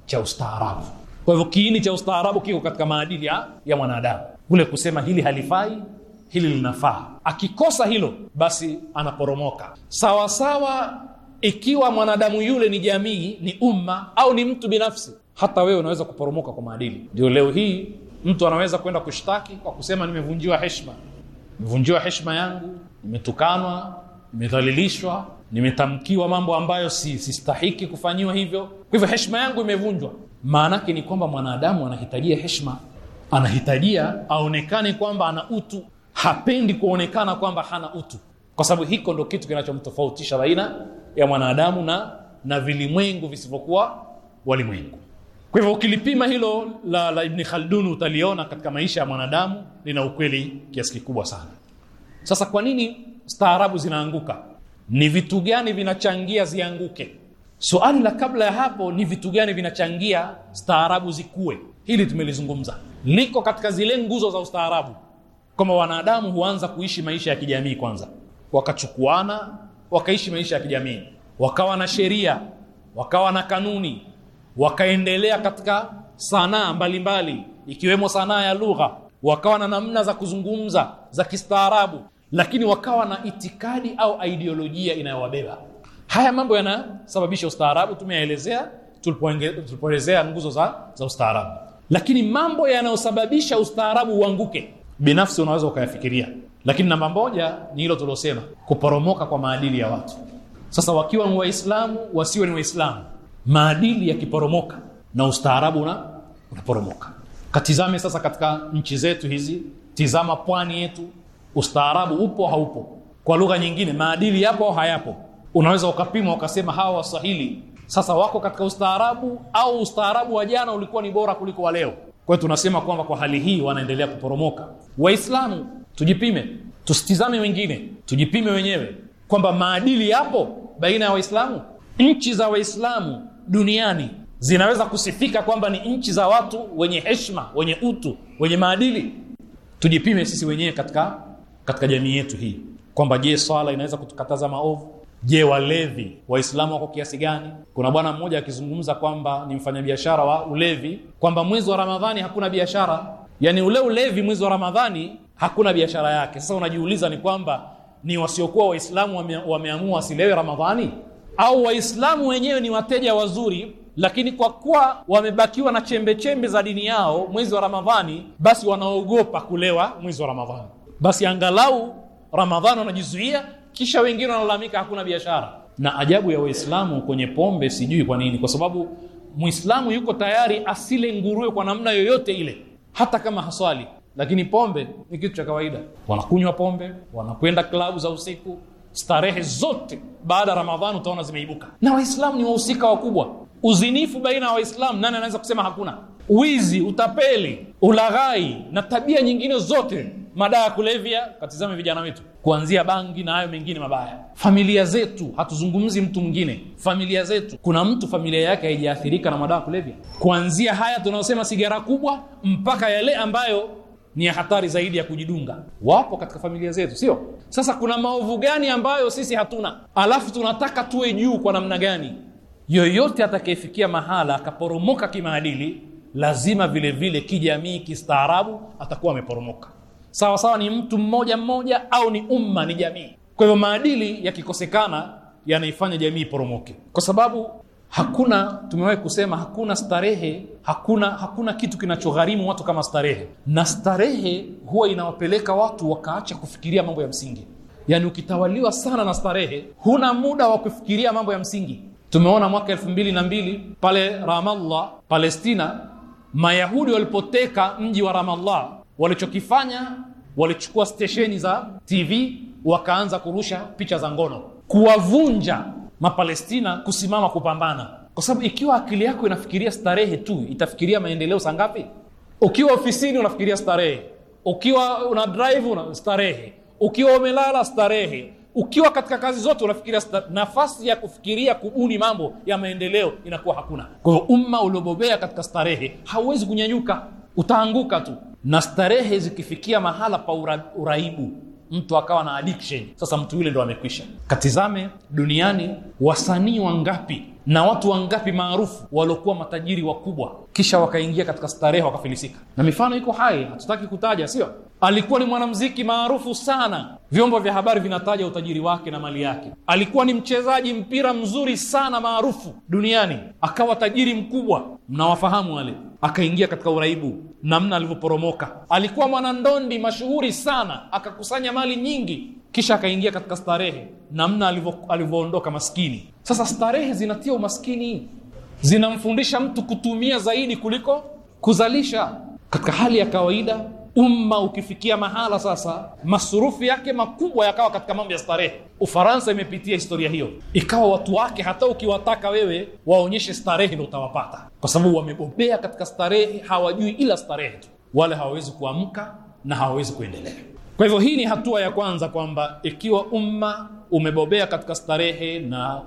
cha ustaarabu. Kwa hivyo kiini cha ustaarabu kiko katika maadili ya, ya mwanadamu, kule kusema hili halifai, hili linafaa. Akikosa hilo, basi anaporomoka sawasawa. Ikiwa mwanadamu yule ni jamii, ni umma au ni mtu binafsi, hata wewe unaweza kuporomoka kwa maadili. Ndio leo hii Mtu anaweza kwenda kushtaki kwa kusema nimevunjiwa heshima, nimevunjiwa heshima yangu, nimetukanwa, nimedhalilishwa, nimetamkiwa mambo ambayo si sistahiki kufanyiwa hivyo, kwa hivyo heshima yangu imevunjwa. Maanake ni kwamba mwanadamu anahitajia heshima, anahitajia aonekane kwamba ana utu, hapendi kuonekana kwamba hana utu, kwa sababu hiko ndo kitu kinachomtofautisha baina ya mwanadamu na na vilimwengu visivyokuwa walimwengu. Kwa hivyo ukilipima hilo la, la Ibn Khaldun utaliona katika maisha ya mwanadamu lina ukweli kiasi kikubwa sana. Sasa kwa nini staarabu zinaanguka? Ni vitu gani vinachangia zianguke? suali la kabla ya hapo ni vitu gani vinachangia staarabu zikue? Hili tumelizungumza, liko katika zile nguzo za ustaarabu, kwamba wanadamu huanza kuishi maisha ya kijamii kwanza, wakachukuana, wakaishi maisha ya kijamii, wakawa na sheria, wakawa na kanuni wakaendelea katika sanaa mbalimbali ikiwemo sanaa ya lugha, wakawa na namna za kuzungumza za kistaarabu, lakini wakawa na itikadi au ideolojia inayowabeba. Haya mambo yanasababisha ustaarabu, tumeyaelezea tulipoelezea nguzo za, za ustaarabu. Lakini mambo yanayosababisha ustaarabu uanguke, binafsi unaweza ukayafikiria, lakini namba moja ni hilo tuliosema, kuporomoka kwa maadili ya watu. Sasa wakiwa ni Waislamu, wasiwe ni Waislamu maadili yakiporomoka na ustaarabu na unaporomoka katizame sasa katika nchi zetu hizi tizama pwani yetu ustaarabu upo haupo kwa lugha nyingine maadili yapo au hayapo unaweza ukapimwa ukasema hawa waswahili sasa wako katika ustaarabu au ustaarabu wa jana ulikuwa ni bora kuliko wa leo kwa hiyo tunasema kwamba kwa hali hii wanaendelea kuporomoka waislamu tujipime tusitizame wengine tujipime wenyewe kwamba maadili yapo baina ya waislamu nchi za waislamu duniani zinaweza kusifika kwamba ni nchi za watu wenye heshima, wenye utu, wenye maadili. Tujipime sisi wenyewe katika, katika jamii yetu hii kwamba je, swala inaweza kutukataza maovu? Je, walevi Waislamu wako kiasi gani? Kuna bwana mmoja akizungumza kwamba ni mfanyabiashara wa ulevi kwamba mwezi wa Ramadhani hakuna biashara, yani ule ulevi mwezi wa Ramadhani hakuna biashara yake. Sasa unajiuliza ni kwamba ni wasiokuwa Waislamu wame, wameamua wasilewe Ramadhani? au Waislamu wenyewe ni wateja wazuri, lakini kwa kuwa wamebakiwa na chembechembe za dini yao mwezi wa Ramadhani, basi wanaogopa kulewa mwezi wa Ramadhani. Basi angalau Ramadhani wanajizuia, kisha wengine wanalalamika hakuna biashara. Na ajabu ya Waislamu kwenye pombe, sijui kwa nini, kwa sababu Muislamu yuko tayari asile nguruwe kwa namna yoyote ile, hata kama haswali, lakini pombe ni kitu cha kawaida. Wanakunywa pombe, wanakwenda klabu za usiku Starehe zote baada ya Ramadhani utaona zimeibuka, na Waislamu ni wahusika wakubwa. Uzinifu baina ya Waislamu, nani anaweza kusema hakuna? Wizi, utapeli, ulaghai na tabia nyingine zote, madawa ya kulevya. Katizame vijana wetu, kuanzia bangi na hayo mengine mabaya. Familia zetu, hatuzungumzi mtu mwingine, familia zetu. Kuna mtu familia yake haijaathirika na madawa ya kulevya, kuanzia haya tunayosema sigara kubwa mpaka yale ambayo ni hatari zaidi ya kujidunga. Wapo katika familia zetu, sio? Sasa kuna maovu gani ambayo sisi hatuna, alafu tunataka tuwe juu kwa namna gani? Yoyote atakayefikia mahala akaporomoka kimaadili, lazima vile vile kijamii, kistaarabu atakuwa ameporomoka. Sawa sawa, ni mtu mmoja mmoja au ni umma, ni jamii. Kwa hivyo maadili yakikosekana yanaifanya jamii iporomoke kwa sababu Hakuna, tumewahi kusema hakuna starehe, hakuna hakuna kitu kinachogharimu watu kama starehe, na starehe huwa inawapeleka watu wakaacha kufikiria mambo ya msingi. Yaani ukitawaliwa sana na starehe, huna muda wa kufikiria mambo ya msingi. Tumeona mwaka elfu mbili na mbili pale Ramallah, Palestina, Mayahudi walipoteka mji wa Ramallah, walichokifanya walichukua stesheni za TV wakaanza kurusha picha za ngono kuwavunja mapalestina kusimama kupambana kwa sababu ikiwa akili yako inafikiria starehe tu itafikiria maendeleo sangapi ukiwa ofisini unafikiria starehe ukiwa una drive una starehe ukiwa umelala starehe ukiwa katika kazi zote unafikiria nafasi ya kufikiria kubuni mambo ya maendeleo inakuwa hakuna kwa hiyo umma uliobobea katika starehe hauwezi kunyanyuka utaanguka tu na starehe zikifikia mahala pa ura, uraibu mtu akawa na addiction. Sasa mtu yule ndo amekwisha. Katizame duniani wasanii wangapi na watu wangapi maarufu waliokuwa matajiri wakubwa, kisha wakaingia katika starehe wakafilisika. Na mifano iko hai, hatutaki kutaja, sio? Alikuwa ni mwanamuziki maarufu sana, vyombo vya habari vinataja utajiri wake na mali yake. Alikuwa ni mchezaji mpira mzuri sana maarufu duniani, akawa tajiri mkubwa, mnawafahamu wale. Akaingia katika uraibu, namna alivyoporomoka. Alikuwa mwanandondi mashuhuri sana, akakusanya mali nyingi kisha akaingia katika starehe namna alivyoondoka maskini sasa starehe zinatia umaskini zinamfundisha mtu kutumia zaidi kuliko kuzalisha katika hali ya kawaida umma ukifikia mahala sasa masurufu yake makubwa yakawa katika mambo ya starehe ufaransa imepitia historia hiyo ikawa watu wake hata ukiwataka wewe waonyeshe starehe ndo utawapata kwa sababu wamebobea katika starehe hawajui ila starehe tu wale hawawezi kuamka na hawawezi kuendelea kwa hivyo hii ni hatua ya kwanza kwamba ikiwa umma umebobea katika starehe na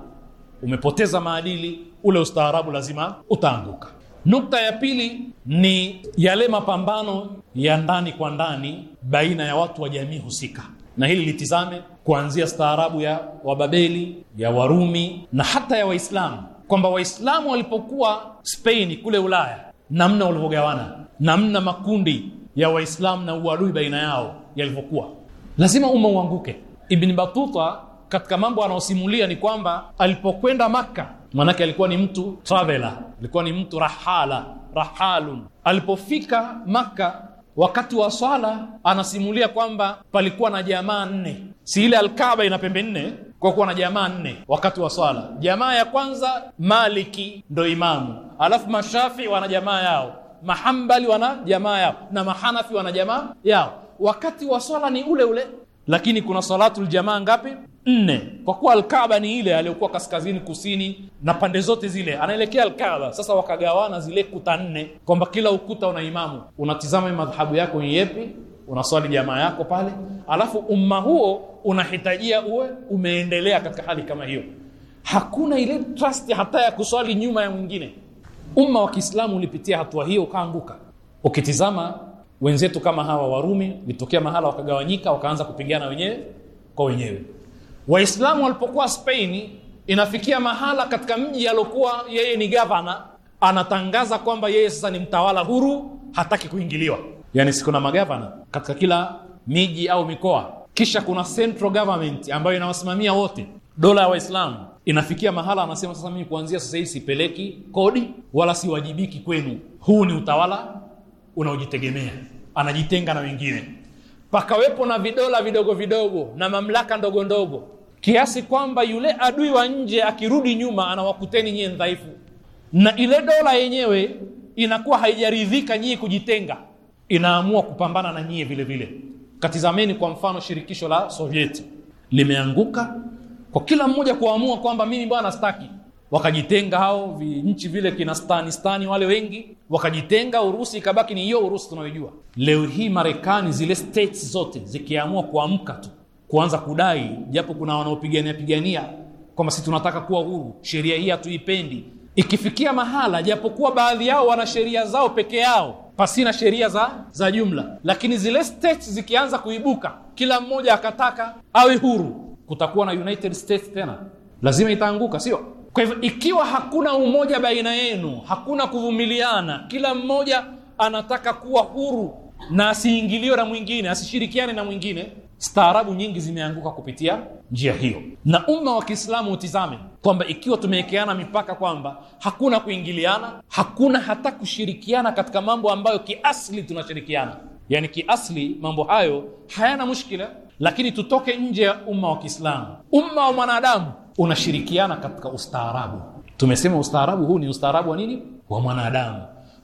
umepoteza maadili, ule ustaarabu lazima utaanguka. Nukta ya pili ni yale mapambano ya ndani kwa ndani baina ya watu wa jamii husika, na hili litizame kuanzia staarabu ya Wababeli, ya Warumi na hata ya Waislamu, kwamba Waislamu walipokuwa Spain kule Ulaya, namna walivyogawana, namna makundi ya Waislamu na uadui baina yao yalivyokuwa, lazima umma uanguke. Ibn Batuta katika mambo anaosimulia ni kwamba alipokwenda Makka, maanake alikuwa ni mtu traveler, alikuwa ni mtu rahala, rahalun. Alipofika Makka wakati wa swala, anasimulia kwamba palikuwa na jamaa nne, si ile alkaba ina pembe nne kwa kuwa na jamaa nne wakati wa swala. Jamaa ya kwanza Maliki ndo imamu, alafu Mashafii wana jamaa yao, Mahambali wana jamaa yao na Mahanafi wana jamaa yao wakati wa swala ni ule ule, lakini kuna salatu ljamaa ngapi? Nne. Kwa kuwa Alkaaba ni ile aliyokuwa kaskazini, kusini na pande zote zile, anaelekea Alkaaba. Sasa wakagawana zile kuta nne, kwamba kila ukuta una imamu, unatizama madhahabu yako ni yepi, unaswali jamaa yako pale, alafu umma huo unahitajia uwe umeendelea katika hali kama hiyo. Hakuna ile trust hata ya kuswali nyuma ya mwingine. Umma wa Kiislamu ulipitia hatua hiyo ukaanguka. Ukitizama wenzetu kama hawa Warumi litokea mahala wakagawanyika wakaanza kupigana wenyewe kwa wenyewe. Waislamu walipokuwa Spain, inafikia mahala katika mji aliokuwa yeye ni gavana anatangaza kwamba yeye sasa ni mtawala huru, hataki kuingiliwa. Yani si kuna magavana katika kila miji au mikoa, kisha kuna central government ambayo inawasimamia wote, dola ya Waislamu. Inafikia mahala anasema sasa, mimi kuanzia sasa hivi sipeleki kodi wala siwajibiki kwenu, huu ni utawala unaojitegemea anajitenga na wengine pakawepo na vidola vidogo vidogo na mamlaka ndogo ndogo kiasi kwamba yule adui wa nje akirudi nyuma anawakuteni nyie dhaifu na ile dola yenyewe inakuwa haijaridhika nyie kujitenga inaamua kupambana na nyie vile vile katizameni kwa mfano shirikisho la sovieti limeanguka kwa kila mmoja kuamua kwamba mimi bwana staki wakajitenga hao vi, nchi vile kina stani, stani wale wengi wakajitenga urusi ikabaki ni hiyo urusi tunayojua leo hii marekani zile states zote zikiamua kuamka tu kuanza kudai japo kuna wanaopigania pigania kwamba si tunataka kuwa huru sheria hii hatuipendi ikifikia mahala japokuwa baadhi yao wana sheria zao peke yao pasina sheria za, za jumla lakini zile states zikianza kuibuka kila mmoja akataka awe huru kutakuwa na united states tena lazima itaanguka sio kwa hivyo ikiwa hakuna umoja baina yenu hakuna kuvumiliana kila mmoja anataka kuwa huru na asiingiliwe na mwingine asishirikiane na mwingine staarabu nyingi zimeanguka kupitia njia hiyo na umma wa kiislamu utizame kwamba ikiwa tumewekeana mipaka kwamba hakuna kuingiliana hakuna hata kushirikiana katika mambo ambayo kiasli tunashirikiana yani kiasli mambo hayo hayana mushkila lakini tutoke nje ya umma wa kiislamu umma wa mwanadamu unashirikiana katika ustaarabu. Tumesema ustaarabu huu ni ustaarabu wa nini? Wa mwanadamu.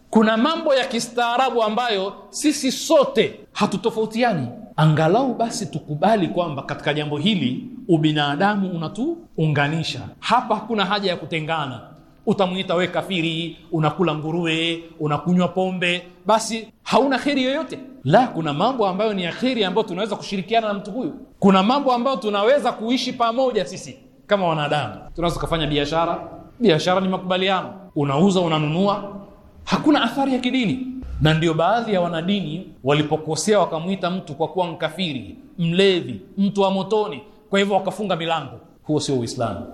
Kuna mambo ya kistaarabu ambayo sisi sote hatutofautiani, angalau basi tukubali kwamba katika jambo hili ubinadamu unatuunganisha. Hapa hakuna haja ya kutengana. Utamwita we kafiri, unakula nguruwe, unakunywa pombe, basi hauna kheri yoyote. La, kuna mambo ambayo ni ya kheri ambayo tunaweza kushirikiana na mtu huyu. Kuna mambo ambayo tunaweza kuishi pamoja sisi kama wanadamu tunaweza kufanya biashara. Biashara ni makubaliano, unauza unanunua, hakuna athari ya kidini. Na ndio baadhi ya wanadini walipokosea wakamwita mtu kwa kuwa mkafiri, mlevi, mtu wa motoni, kwa hivyo wakafunga milango. Huo sio Uislamu.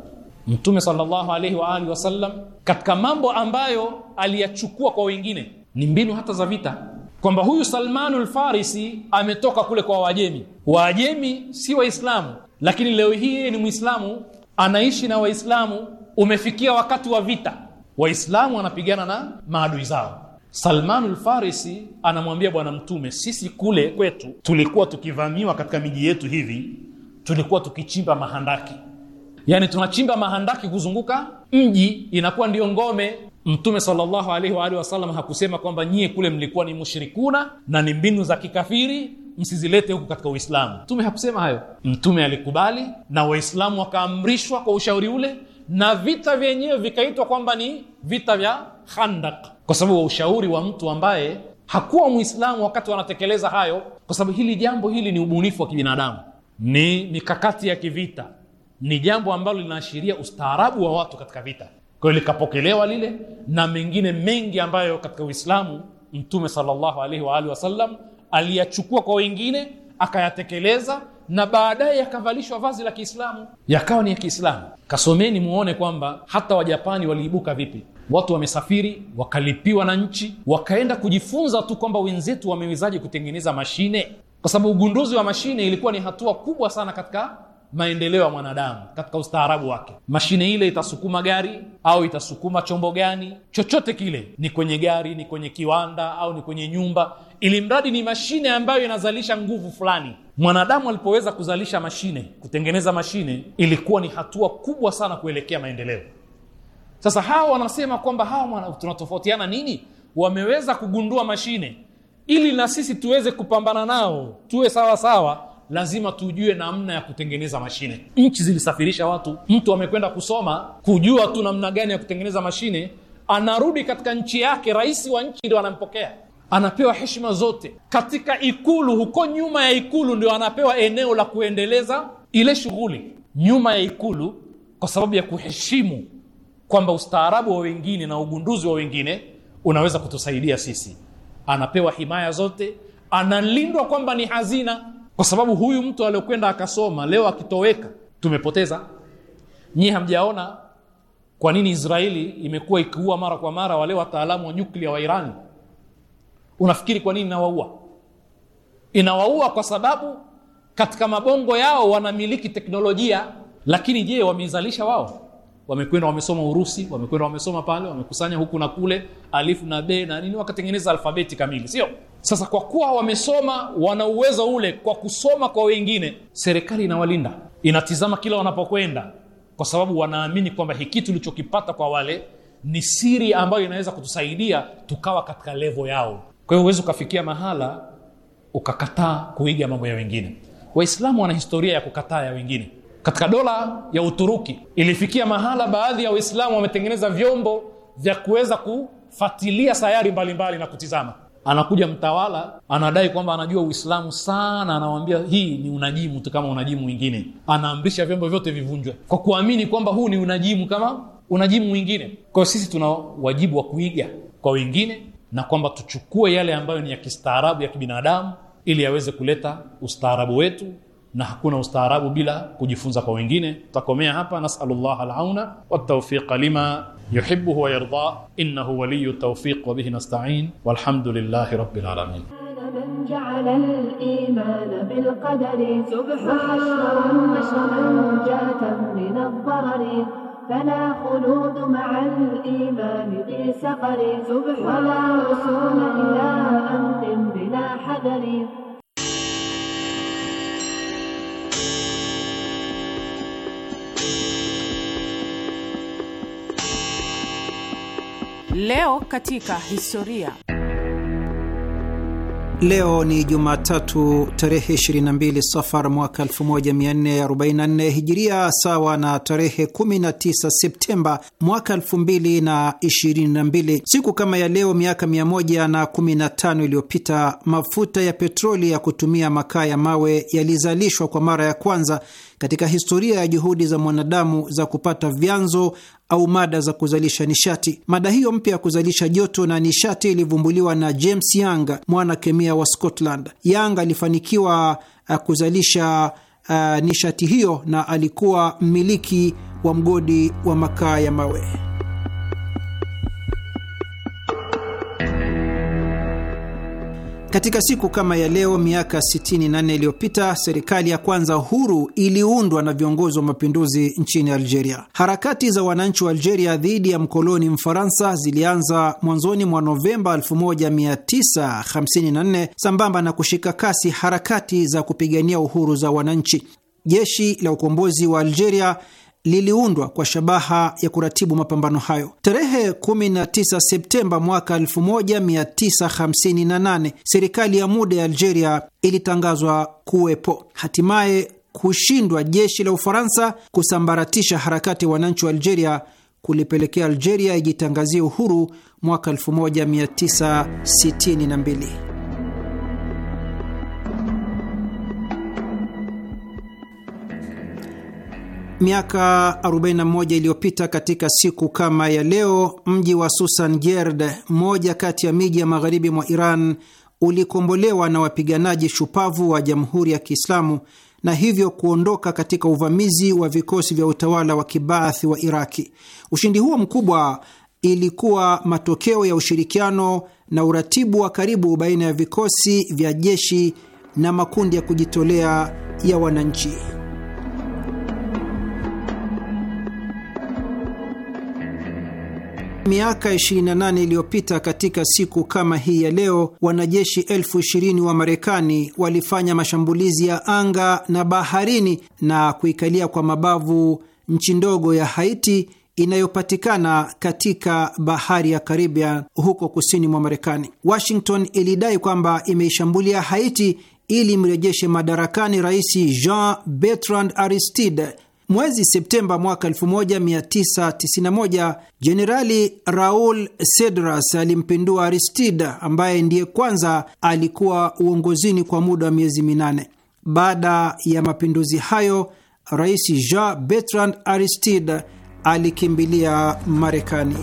Mtume sallallahu alaihi wa alihi wasallam katika mambo ambayo aliyachukua kwa wengine ni mbinu hata za vita, kwamba huyu Salmanu Lfarisi ametoka kule kwa Wajemi. Waajemi si Waislamu, lakini leo hii yeye ni Mwislamu anaishi na Waislamu, umefikia wakati wa vita, Waislamu wanapigana na maadui zao. Salmanu Lfarisi anamwambia Bwana Mtume, sisi kule kwetu tulikuwa tukivamiwa katika miji yetu hivi, tulikuwa tukichimba mahandaki, yaani tunachimba mahandaki kuzunguka mji, inakuwa ndiyo ngome. Mtume sallallahu alaihi wa alihi wasallam hakusema kwamba nyie kule mlikuwa ni mushrikuna na ni mbinu za kikafiri msizilete huku katika Uislamu. Mtume hakusema hayo. Mtume alikubali na Waislamu wakaamrishwa kwa ushauri ule, na vita vyenyewe vikaitwa kwamba ni vita vya Khandak kwa sababu wa ushauri wa mtu ambaye hakuwa Mwislamu wakati wanatekeleza hayo, kwa sababu hili jambo hili ni ubunifu wa kibinadamu, ni mikakati ya kivita, ni jambo ambalo linaashiria ustaarabu wa watu katika vita. Kwa hiyo likapokelewa lile na mengine mengi ambayo katika Uislamu Mtume sallallahu alaihi wa alihi wasallam aliyachukua kwa wengine akayatekeleza na baadaye yakavalishwa vazi la Kiislamu, yakawa ni ya Kiislamu. Kasomeni muone kwamba hata Wajapani waliibuka vipi. Watu wamesafiri wakalipiwa na nchi, wakaenda kujifunza tu kwamba wenzetu wamewezaji kutengeneza mashine, kwa sababu ugunduzi wa mashine ilikuwa ni hatua kubwa sana katika maendeleo ya mwanadamu katika ustaarabu wake. Mashine ile itasukuma gari au itasukuma chombo gani chochote kile, ni kwenye gari, ni kwenye kiwanda au ni kwenye nyumba, ili mradi ni mashine ambayo inazalisha nguvu fulani. Mwanadamu alipoweza kuzalisha mashine, kutengeneza mashine, ilikuwa ni hatua kubwa sana kuelekea maendeleo. Sasa hawa wanasema kwamba hawa tunatofautiana nini? Wameweza kugundua mashine, ili na sisi tuweze kupambana nao, tuwe sawa sawa, lazima tujue namna ya kutengeneza mashine. Nchi zilisafirisha watu, mtu amekwenda kusoma kujua tu namna gani ya kutengeneza mashine, anarudi katika nchi yake, rais wa nchi ndio anampokea anapewa heshima zote katika Ikulu. Huko nyuma ya Ikulu ndio anapewa eneo la kuendeleza ile shughuli nyuma ya Ikulu, kwa sababu ya kuheshimu kwamba ustaarabu wa wengine na ugunduzi wa wengine unaweza kutusaidia sisi. Anapewa himaya zote, analindwa kwamba ni hazina, kwa sababu huyu mtu aliyokwenda akasoma, leo akitoweka, tumepoteza. Nyie hamjaona kwa nini Israeli imekuwa ikiua mara kwa mara wale wataalamu wa nyuklia wa Irani Unafikiri kwa nini inawaua? Inawaua kwa sababu katika mabongo yao wanamiliki teknolojia, lakini je, wameizalisha wao? Wamekwenda wamesoma Urusi, wamekwenda wamesoma pale, wamekusanya huku na kule alifu na be na nini, wakatengeneza alfabeti kamili, sio? Sasa kwa kuwa wamesoma, wana uwezo ule kwa kusoma kwa wengine, serikali inawalinda, inatizama kila wanapokwenda, kwa sababu wanaamini kwamba hiki tulichokipata kwa wale ni siri ambayo inaweza kutusaidia tukawa katika levo yao kwa hiyo huwezi ukafikia mahala ukakataa kuiga mambo ya wengine waislamu wana historia ya kukataa ya wengine katika dola ya uturuki ilifikia mahala baadhi ya waislamu wametengeneza vyombo vya kuweza kufatilia sayari mbalimbali mbali na kutizama anakuja mtawala anadai kwamba anajua uislamu sana anawambia hii ni unajimu tu kama unajimu mwingine anaamrisha vyombo vyote vivunjwe kwa kuamini kwamba huu ni unajimu kama unajimu mwingine kwayo sisi tuna wajibu wa kuiga kwa wengine na kwamba tuchukue yale ambayo ni ya kistaarabu ya kibinadamu ili yaweze kuleta ustaarabu wetu na hakuna ustaarabu bila kujifunza kwa wengine. Tutakomea hapa. Nasalullah alauna watawfiqa lima yuhibbuhu wa innahu waliyu tawfiq wa bihi nasta'in walhamdulillahi rabbil alamin. من جعل الإيمان بالقدر سبحان وحشرا نجاة من الضرر فلا خلود مع الإيمان في سقر زبح ولا وصول إلى أنت بلا حذر Leo katika historia. Leo ni Jumatatu tarehe 22 Safar mwaka 1444 Hijiria, sawa na tarehe 19 Septemba mwaka 2022. Siku kama ya leo miaka 115 iliyopita, mafuta ya petroli ya kutumia makaa ya mawe yalizalishwa kwa mara ya kwanza katika historia ya juhudi za mwanadamu za kupata vyanzo au mada za kuzalisha nishati. Mada hiyo mpya ya kuzalisha joto na nishati ilivumbuliwa na James Young, mwana kemia wa Scotland. Young alifanikiwa uh, kuzalisha uh, nishati hiyo na alikuwa mmiliki wa mgodi wa makaa ya mawe. Katika siku kama ya leo miaka 68 iliyopita serikali ya kwanza huru iliundwa na viongozi wa mapinduzi nchini Algeria. Harakati za wananchi wa Algeria dhidi ya mkoloni Mfaransa zilianza mwanzoni mwa Novemba 1954 sambamba na kushika kasi harakati za kupigania uhuru za wananchi. Jeshi la ukombozi wa Algeria liliundwa kwa shabaha ya kuratibu mapambano hayo. Tarehe 19 Septemba mwaka 1958 serikali ya muda ya Algeria ilitangazwa kuwepo. Hatimaye kushindwa jeshi la Ufaransa kusambaratisha harakati ya wananchi wa Algeria kulipelekea Algeria ijitangazie uhuru mwaka 1962. Miaka 41 iliyopita katika siku kama ya leo, mji wa susan gerd moja kati ya miji ya magharibi mwa Iran, ulikombolewa na wapiganaji shupavu wa Jamhuri ya Kiislamu na hivyo kuondoka katika uvamizi wa vikosi vya utawala wa Kibaathi wa Iraki. Ushindi huo mkubwa ilikuwa matokeo ya ushirikiano na uratibu wa karibu baina ya vikosi vya jeshi na makundi ya kujitolea ya wananchi. Miaka 28 iliyopita katika siku kama hii ya leo, wanajeshi elfu ishirini wa Marekani walifanya mashambulizi ya anga na baharini na kuikalia kwa mabavu nchi ndogo ya Haiti inayopatikana katika bahari ya Karibia huko kusini mwa Marekani. Washington ilidai kwamba imeishambulia Haiti ili mrejeshe madarakani Rais Jean Bertrand Aristide Mwezi Septemba mwaka 1991 Jenerali Raul Cedras alimpindua Aristide ambaye ndiye kwanza alikuwa uongozini kwa muda wa miezi minane. Baada ya mapinduzi hayo, Rais Jean Bertrand Aristide alikimbilia Marekani.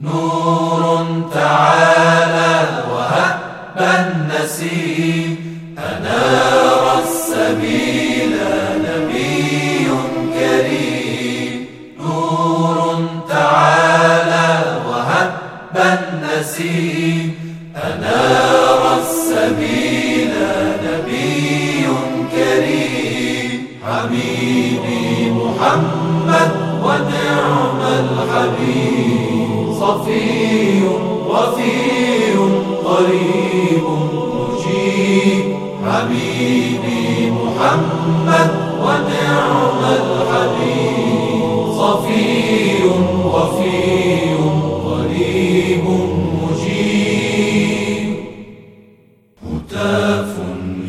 نور تعالى وهب النسيم أنار السبيل نبي كريم نور تعالى وهب النسيم أنار السبيل نبي كريم حبيبي محمد ونعم الحبيب صفي وفي قريب مجيب حبيبي محمد ونعم الحبيب صفي وفي قريب مجيب هتاف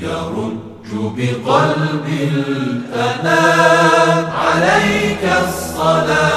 يرج بقلب الأنام عليك الصلاه